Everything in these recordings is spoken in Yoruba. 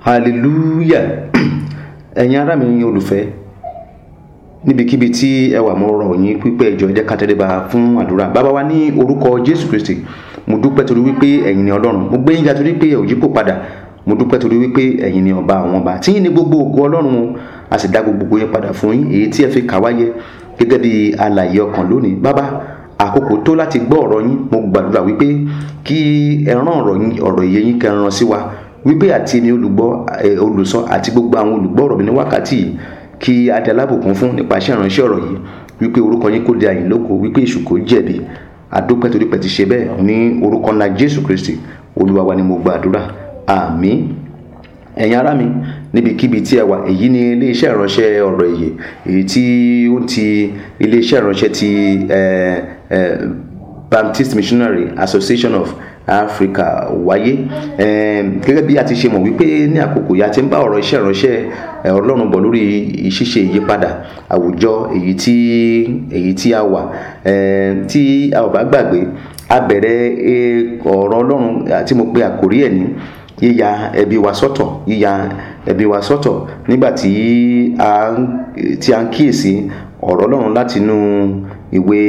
hallelujah ẹ̀yin ará mi yín olùfẹ́ níbikíbi tí ẹ wà mo rọ̀ yín pípẹ́ ìjọ jẹ́ ká tẹríba fún àdúrà bàbá wa ní orúkọ jésù kristi mo dúpẹ́ torí wípé ẹ̀yin ni ọlọ́run mo gbé yín ga torí pé ẹ ò yípo padà mo dúpẹ́ torí wípé ẹ̀yin ni ọba àwọn ọba tí yín ní gbogbo ògo ọlọ́run o a sì dá gbogbo yín padà fún yín èyí tí ẹ fi kà wáyé gẹ́gẹ́ bí alàyè ọkàn lónìí bàbá àkókò tó láti gbọ́ ọ̀rọ̀ yín mo gbàdúrà wípé kí ẹ rán ọ̀rọ̀ yín ọ̀rọ̀ ìyè yín sí wa wípé àti ni olùgbọ́ olùsọ àti gbogbo àwọn olùgbọ́ ọ̀rọ̀ mi ní wákàtí yìí kí adé alábùkún fún nípasẹ̀ ìránṣẹ́ ọ̀rọ̀ yìí wípé orúkọ yín kò di àyìn lóko wípé èṣù kò jẹ̀bi àdópẹ́ torí pé ti ṣe bẹ́ẹ̀ ní orúkọ ńlá Jésù Kristi Olúwa wa ni mo gbàdúrà àmín ẹ̀yin ará mi níbikíbi tí ẹ wà èyí ni iléeṣẹ́ ìránṣẹ́ ọ̀rọ̀ èyí èyí tí ó ti iléeṣẹ́ ìránṣẹ́ ti Baptist Missionary Association of Africa wáyé gẹ́gẹ́ bí a ti ṣe mọ̀ wípé ní àkókò yìí a ti ń bá ọ̀rọ̀ iṣẹ́ ìránṣẹ́ eh, ọlọ́run bọ̀ lórí ṣíṣe ìyípadà àwùjọ èyí tí èyí tí a wà tí a ò bá gbàgbé a bẹ̀rẹ̀ e, ọ̀rọ̀ ọlọ́run tí mo pe àkórí ẹ̀ ní yíya ẹbí wa sọ́tọ̀ yíya ẹbí wa sọ́tọ̀ nígbà tí a ń kíyèsí ọ̀rọ̀ ọlọ́run látinú ìwé.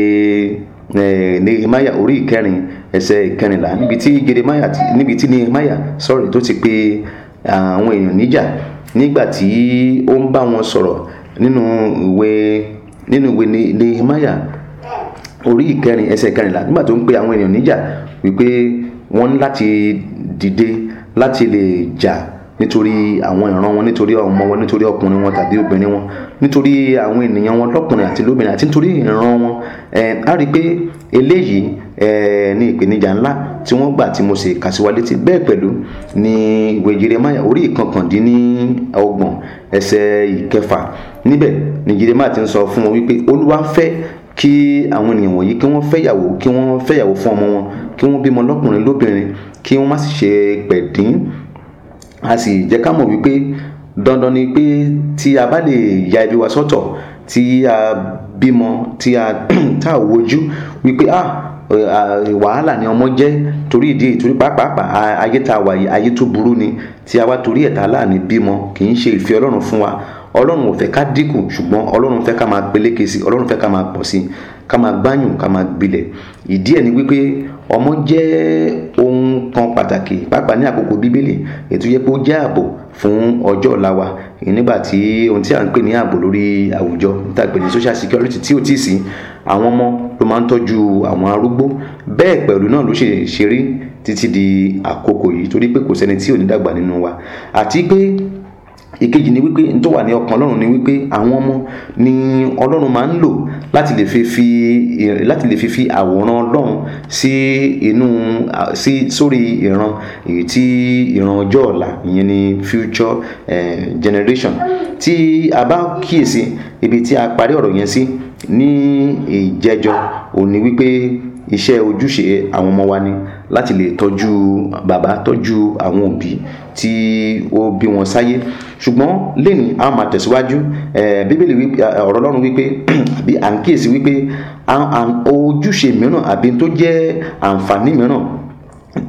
Eh, nehemiah orí ìkẹrin ẹsẹ̀ ìkẹrìnlá níbi tí jeremiah níbi tí nehemiah sọ̀rọ̀ tó ti pe àwọn èèyàn níjà nígbà tí ó ń bá wọn sọ̀rọ̀ nínú ìwé nínú ìwé nehemiah orí ìkẹrin ẹsẹ̀ ìkẹrìnlá nígbà tó ń pe àwọn èèyàn níjà wípé wọ́n láti dìde láti lè jà. Ja nítorí àwọn ìran wọn nítorí ọmọ wọn nítorí ọkùnrin wọn tàbí obìnrin wọn nítorí àwọn ènìyàn wọn lọ́kùnrin àti lóbìnrin àti nítorí ìran wọn a rí i pé eléyìí ní ìpèníjà ńlá tí wọ́n gbà tí mo sì kà sí wa létí bẹ́ẹ̀ pẹ̀lú ni ìwé Jeremáyà orí ìkankandínlọ́gbọ̀n ẹsẹ̀ ìkẹfà níbẹ̀ ni Jeremáyà ti ń sọ fún wọn wípé Olúwa fẹ́ kí àwọn ènìyàn wọ̀nyí kí wọ́n fẹ́yàwó kí wọ́n fẹ́yàwó fún ọmọ wọn kí wọ́n bímọ lọ́kùnrin lóbìnrin kí wọ́n má sì ṣe pẹ̀dín a sì jẹ́ ká mọ̀ wípé dandan ni pé tí a bá lè ya ibi wa sọ́tọ̀ tí a bímọ tí a tá a wojú wípé ah wàhálà ni ọmọ jẹ́ torí ìdí ìtorí pàápàá ayé tá a wà yìí ayé tó burú ni tí a wá torí ẹ̀ta láàánú bímọ kì í ṣe ìfẹ́ ọlọ́run fún wa ọlọ́run ò fẹ́ ká dínkù ṣùgbọ́n ọlọ́run fẹ́ ká máa peléke sí ọlọ́run fẹ́ ká máa pọ̀ sí ká máa gbáyùn ká máa gbilẹ̀ ìdí ẹ̀ ni wípé ọmọ jẹ́ ohun kan pàtàkì pàápàá ní àkókò bíbélì ètò yẹ pé ó jẹ́ ààbò fún ọjọ́ ọ̀la wa nígbà tí ohun tí à ń pè ní ààbò lórí àwùjọ níta pè ní social security tí ò tí ì sí àwọn ọmọ ló máa ń tọ́jú àwọn arúgbó bẹ́ẹ̀ pẹ̀lú náà ló ṣe rí títí di àkókò yìí torí pé kò sẹ́ni tí ò ní dàgbà nínú wa àti pé ìkejì ni wípé n tó wà ní ọkàn ọlọ́run ni wípé àwọn ọmọ ni ọlọ́run máa ń lò láti lè fi fi láti lè fi fi àwòrán ọlọ́run sí inú sí sórí ìran èyí tí ìran ọjọ́ ọ̀la ìyẹn ni future eh, generation tí a bá kíyèsí ibi tí a parí ọ̀rọ̀ yẹn sí. Si, ní ìjẹjọ òní wípé iṣẹ́ ojúṣe àwọn ọmọ wa ni láti lè tọ́jú bàbá tọ́jú àwọn òbí tí ó bí wọn sáyé ṣùgbọ́n lẹ́ni a máa tẹ̀síwájú bíbélì ọ̀rọ̀ ọlọ́run wípé àbí à ń kíyèsí wípé ojúṣe mìíràn àbí tó jẹ́ àǹfààní mìíràn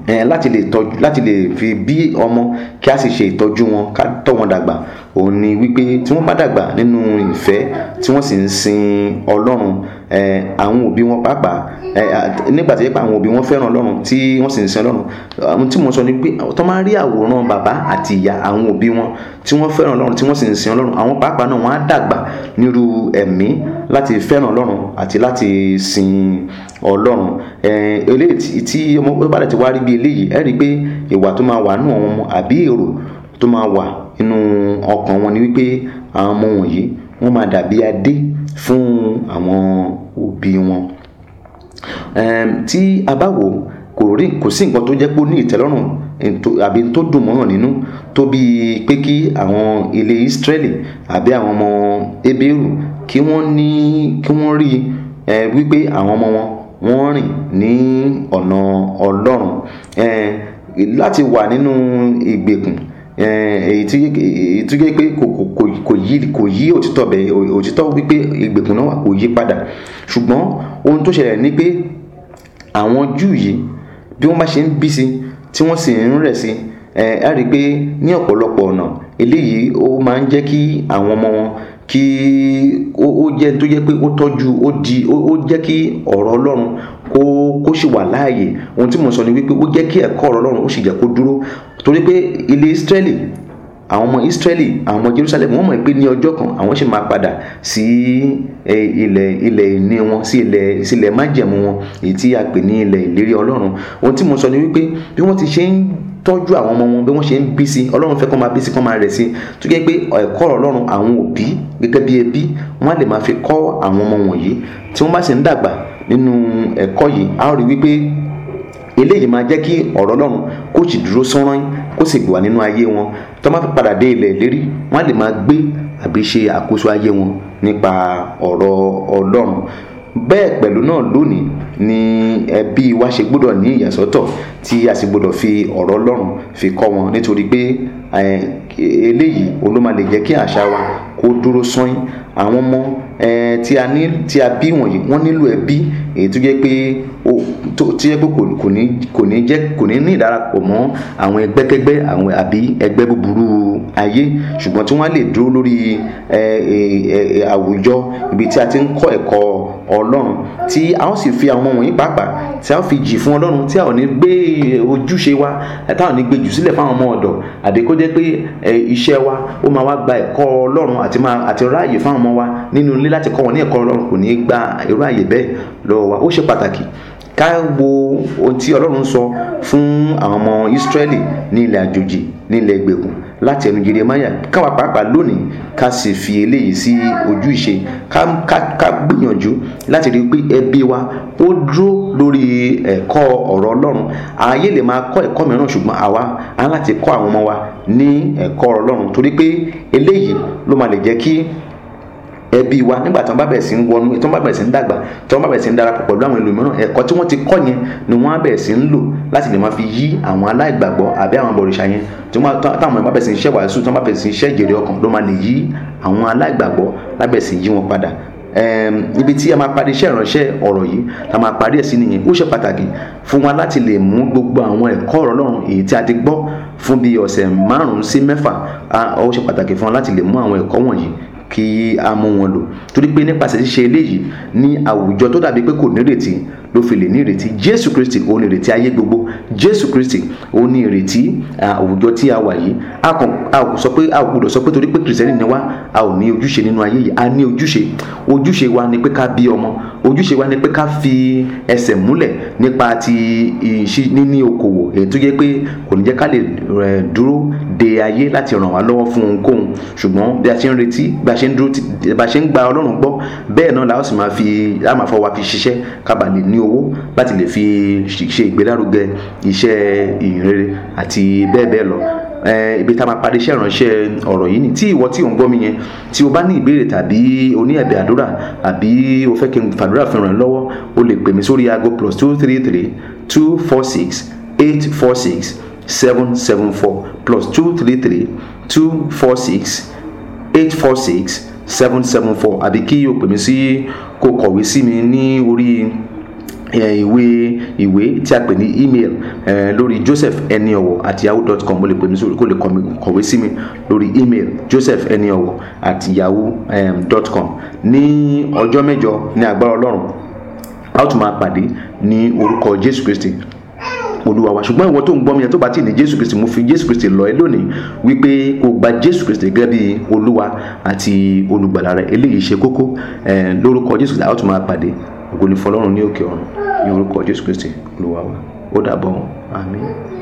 Eh, láti lè tọ́jú láti lè fi bí ọmọ kí a sì ṣe ìtọ́jú wọn ká tọ́ wọn dàgbà òun ni wípé tí wọ́n bá dàgbà nínú ìfẹ́ tí wọ́n sì ń sin Ọlọ́run eh, àwọn òbí wọn pàápàá eh, nígbà tí àwọn òbí wọn fẹ́ràn Ọlọ́run tí wọ́n sì ń sin Ọlọ́run ohun tí mo sọ ni pé tó máa rí àwòrán bàbá àti ìyá àwọn òbí wọn tí wọ́n fẹ́ràn Ọlọ́run tí wọ́n sì ń sin Ọlọ́run àwọn pàápàá náà wọ́n á dàgbà nírú ẹ̀mí láti fẹ́ràn Ọlọ́run àti láti sin ọlọ́run eléyìí tí ọmọ bá dẹ̀ ti wá rí bí eléyìí ẹ rí i pé ìwà tó máa wà nù àwọn ọmọ àbí èrò tó máa wà nínú ọkàn wọn ni wípé àwọn ọmọ wọ̀nyí wọ́n máa dàbí adé fún àwọn òbí wọn tí a bá wò kò rí kò sí nǹkan tó jẹ́ pé ó ní ìtẹ́lọ́rùn àbí tó dùn mọ́ràn nínú tó bí pé kí àwọn ilé Ísírẹ́lì àbí àwọn ọmọ Hébérù kí wọ́n ní kí wọ́n rí wípé àwọn ọmọ wọn wọ́n rìn ní ọ̀nà ọlọ́run láti wà nínú ìgbèkùn èyí tó yẹ pé kò yí òtítọ́ bẹ̀ òtítọ́ wípé ìgbèkùn náà kò yí padà ṣùgbọ́n ohun tó ṣẹlẹ̀ ni pé àwọn Júù yìí bí wọ́n bá ṣe ń bí sí tí wọ́n sì ń rẹ̀ sí ẹ á rí i pé ní ọ̀pọ̀lọpọ̀ ọ̀nà eléyìí ó máa ń jẹ́ kí àwọn ọmọ wọn kí ó ó jẹ́ tó jẹ́ pé ó tọ́jú ó di ó jẹ́ kí ọ̀rọ̀ Ọlọ́run kó kó sì wà láàyè ohun tí mo sọ ni wípé ó jẹ́ kí ẹ̀kọ́ ọ̀rọ̀ Ọlọ́run ó sì jẹ́ kó dúró torí pé ilé Ísírẹ́lì àwọn ọmọ Ísírẹ́lì àwọn ọmọ Jerusalem wọ́n mọ̀ pé ní ọjọ́ kan àwọn ṣe máa padà sí ilẹ̀ ilẹ̀ ìní wọn sí ilẹ̀ sí ilẹ̀ májẹ̀mú wọn èyí tí a pè ní ilẹ̀ ìlérí Ọlọ́run ohun tí mo sọ ni wípé bí wọ́n ti ṣe ń tọ́jú àwọn ọmọ wọn bí wọ́n ṣe ń bí sí ọlọ́run fẹ́ kọ́ máa bí sí kọ́ máa rẹ̀ sí tó jẹ́ pé ẹ̀kọ́ ọlọ́run àwọn òbí gẹ́gẹ́ bí ẹbí wọ́n á lè máa fi kọ́ àwọn ọmọ wọ̀nyí tí wọ́n bá sì ń dàgbà nínú ẹ̀kọ́ yìí a ó rí wípé eléyìí máa jẹ́ kí ọ̀rọ̀ ọlọ́run kó sì dúró sánrán kó sì gbà nínú ayé wọn tó máa fi padà dé ilẹ̀ ìlérí wọ́n á lè máa gbé àbí ṣe àkóso ayé wọn nípa ọ̀rọ̀ ọlọ́run bẹ́ẹ̀ pẹ̀lú náà lónìí ni ẹbí wa ṣe gbọ́dọ̀ ní ìyàsọ́tọ̀ tí a sì gbọ́dọ̀ fi ọ̀rọ̀ Ọlọ́run fi kọ́ wọn nítorí pé eléyìí òun jẹ́ kí àṣà wa kó dúró sọ́yìn àwọn ọmọ tí a ní tí a bí wọ̀nyí wọ́n nílò ẹbí èyí tó jẹ́ pé ó tó jẹ́ pé kò ní kò ní jẹ́ kò ní ní ìdárapọ̀ mọ́ àwọn ẹgbẹ́kẹ́gbẹ́ àwọn àbí ẹgbẹ́ búburú ayé ṣùgbọ́n tí wọ́n lè dúró lórí àwùjọ ibi tí a ti ń kọ́ ẹ̀kọ́ ọlọ́run tí a ó sì fi àwọn ọmọ wọ̀nyí pàápàá tí a ó fi jì fún ọlọ́run tí a ò ní gbé ojúṣe wa tá ò ní gbé jù sílẹ̀ fáwọn ọmọ ọ̀dọ̀ àbí pé iṣẹ́ wa ó máa wá gba ẹ̀kọ́ ọlọ́run àti ráàyè fáwọn ọmọ wa nínú ilé láti kọ́ wọn ní ẹ̀kọ́ ọlọ́run kò ní í gba irú àyè bẹ́ẹ̀ lọ́wọ́ wa ó ṣe pàtàkì ká wo ohun tí ọlọ́run sọ fún àwọn ọmọ Ísírẹ́lì ní ilẹ̀ àjòjì ní ilẹ̀ ìgbèkùn láti ẹnu Jeremáyà káwa pàápàá lónìí ká sì fi eléyìí sí ojú ìṣe ká gbìyànjú láti rí i pé ẹbí wa ó dúró lórí ẹ̀kọ́ ọ̀rọ̀ Ọlọ́run ayé lè máa kọ́ ẹ̀kọ́ mìíràn ṣùgbọ́n àwa á láti kọ́ àwọn ọmọ wa ní ẹ̀kọ́ ọ̀rọ̀ Ọlọ́run torí pé eléyìí ló máa lè jẹ́ kí ẹbí wa nígbà tí wọn bá bẹ̀rẹ̀ sí ń wọnú tí wọn bá bẹ̀rẹ̀ sí ń dàgbà tí wọn bá bẹ̀rẹ̀ sí ń darapọ̀ pẹ̀lú àwọn ẹlòmíràn ẹ̀kọ́ tí wọ́n ti kọ́ yẹn ni wọ́n á bẹ̀rẹ̀ sí ń lò láti lè máa fi yí àwọn aláìgbàgbọ́ àbí àwọn abọ̀rìṣà yẹn tí wọ́n táwọn ẹ̀ bá bẹ̀rẹ̀ sí ń ṣe wàásù tí wọ́n bá bẹ̀rẹ̀ sí ń ṣe ìjèrè ọkàn ló máa lè yí àwọn aláìgbàgbọ́ lábẹ̀rẹ̀ fún bíi ọ̀sẹ̀ márùn-ún sí mẹ́fà ó ṣe pàtàkì fún wa láti lè mú àwọn ẹ̀kọ́ wọ̀nyí kí a mú wọn lò torí pé nípasẹ̀ ṣíṣe eléyìí ní àwùjọ tó dàbí pé kò nírètí ló fi lè ní ìrètí jésù kristi òun ní ìrètí ayé gbogbo jésù kristi òun ní ìrètí àwùjọ tí a wà yìí a kò sọ pé a kò gbọdọ̀ sọ pé torí pé kìrìsìtẹ́nì ni wá a ò ní ojúṣe nínú ayé yìí a ní ojúṣe ojúṣe wa ni pé ká bí ọmọ ojúṣe wa ni pé ká fi ẹsẹ̀ múlẹ̀ nípa ti níní okòwò èyí tó yẹ pé kò ní jẹ́ ká lè dúró de ayé láti ràn wá lọ́wọ́ fún ohunkóhun ṣùgbọ́n bí a ṣe ń retí bí a ṣe ń dúró bí a ṣe ń gba ọlọ́run gbọ́ bẹ́ẹ̀ náà la ó sì máa fi a máa fọwọ́ fi ṣiṣẹ́ ká bàa lè ní owó láti lè fi ṣe ìgbélárugẹ iṣẹ́ ìhìnrere àti bẹ́ẹ̀ bẹ́ẹ̀ lọ ibi tá a máa parí iṣẹ́ ìránṣẹ́ ọ̀rọ̀ yìí ni tí ìwọ tí ò ń gbọ́ mi yẹn tí o bá ní ìbéèrè tàbí o ní ẹ̀bẹ̀ àdúrà àbí o fẹ́ kí n fàdúrà fi ràn lọ́wọ́ o lè pè mí sórí aago plus two three three two four six eight four six seven seven four plus two three three two four six eight four six seven seven four àbí kí o pè mí sí kó kọ̀wé sí mi ní orí ìwé ìwé tí a pè ní email eh, lórí joseph eniowo at yahoo dot com o lè pè mí sórí kó lè kọ̀wé sí mi lórí email joseph eniowo at yahoo dot com ní ọjọ́ mẹ́jọ ní agbára ọlọ́run a ó tún máa pàdé ní orúkọ jésù kristi olúwa wa ṣùgbọ́n ìwọ tó ń gbọ́ mi yẹn tó bá ti ní jésù kristi mo fi jésù kristi lọ ẹ lónìí wípé kó gba jésù kristi gẹ́gẹ́ bí olúwa àti olùgbàlà rẹ eléyìí ṣe kókó lórúkọ jésù kristi àwọn tó máa pàdé ògo ni fọlọ́run ní òkè ọ̀run ní orúkọ jésù kristi olúwa wa ó dàbọ̀ àmín.